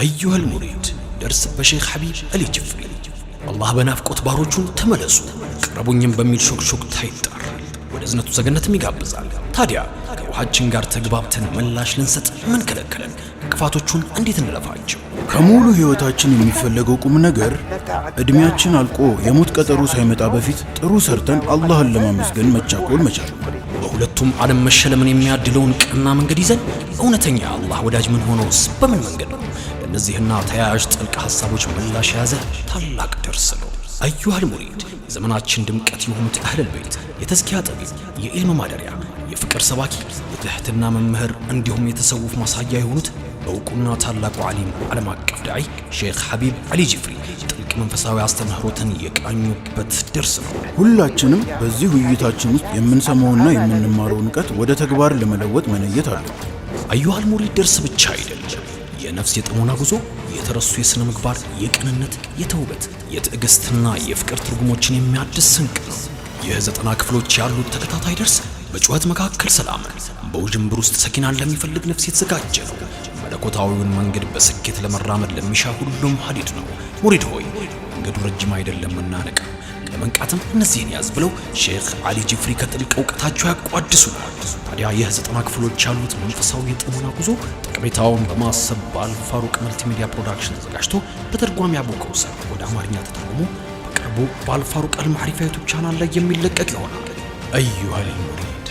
አዩሃል ሙሪድ ደርስ በሼክ ሐቢብ አሊ ጅፍሪ አላህ በናፍቆት ባሮቹ ተመለሱ ቅረቡኝም በሚል ሾክሾክታ ይጣራል፣ ወደ እዝነቱ ሰገነትም ይጋብዛል። ታዲያ ከውሃችን ጋር ተግባብተን ምላሽ ልንሰጥ ምን ከለከለን? ክፋቶቹን እንዴት እንለፋቸው? ከሙሉ ሕይወታችን የሚፈለገው ቁም ነገር ዕድሜያችን አልቆ የሞት ቀጠሮ ሳይመጣ በፊት ጥሩ ሰርተን አላህን ለማመስገን መቻኮል መቻል። ሁለቱም ዓለም መሸለምን የሚያድለውን ቀና መንገድ ይዘን እውነተኛ አላህ ወዳጅ ምን ሆነውስ በምን መንገድ ነው? ለእነዚህና ተያያዥ ጥልቅ ሐሳቦች ምላሽ የያዘ ታላቅ ደርስ ነው። አዩሃል ሙሪድ የዘመናችን ድምቀት የሆኑት አህለል ቤት የተዝኪያ ጠቢብ፣ የኢልም ማደሪያ፣ የፍቅር ሰባኪ፣ የትሕትና መምህር እንዲሁም የተሰውፍ ማሳያ የሆኑት እውቁና ታላቁ ዓሊም ዓለም አቀፍ ዳዒ ሼክ ሐቢብ ዓሊ ጅፍሪ መንፈሳዊ አስተምህሮትን የቃኙበት ድርስ ነው። ሁላችንም በዚህ ውይይታችን ውስጥ የምንሰማውና የምንማረው እንቀት ወደ ተግባር ለመለወጥ መለየት አለ። አዩሃል ሙሪድ ድርስ ብቻ አይደለም። የነፍስ የጥሞና ጉዞ፣ የተረሱ የሥነ ምግባር፣ የቅንነት፣ የተውበት፣ የትዕግሥትና የፍቅር ትርጉሞችን የሚያድስ ስንቅ ነው። ይህ ዘጠና ክፍሎች ያሉት ተከታታይ ደርስ በጩኸት መካከል ሰላምን፣ በውዥንብር ውስጥ ሰኪናን ለሚፈልግ ነፍስ የተዘጋጀ ነው። መለኮታዊውን መንገድ በስኬት ለመራመድ ለሚሻ ሁሉም ሀዲድ ነው። ሙሪድ ሆይ መንገዱ ረጅም አይደለም፣ ንቃ፣ ለመንቃትም እነዚህን ያዝ ብለው ሼክ አሊ ጅፍሪ ከጥልቅ እውቀታቸው ያቋድሱናል። ታዲያ ይህ ዘጠና ክፍሎች ያሉት መንፈሳዊ የጥሞና ጉዞ ጠቀሜታውን በማሰብ በአልፋሩቅ መልቲሚዲያ ፕሮዳክሽን ተዘጋጅቶ በተርጓሚ አቡከውሰር ወደ አማርኛ ተተርጉሞ በቅርቡ በአልፋሩቅ አልማዕሪፋ ዩቱብ ቻናል ላይ የሚለቀቅ ይሆናል። አዩሃል ሙሪድ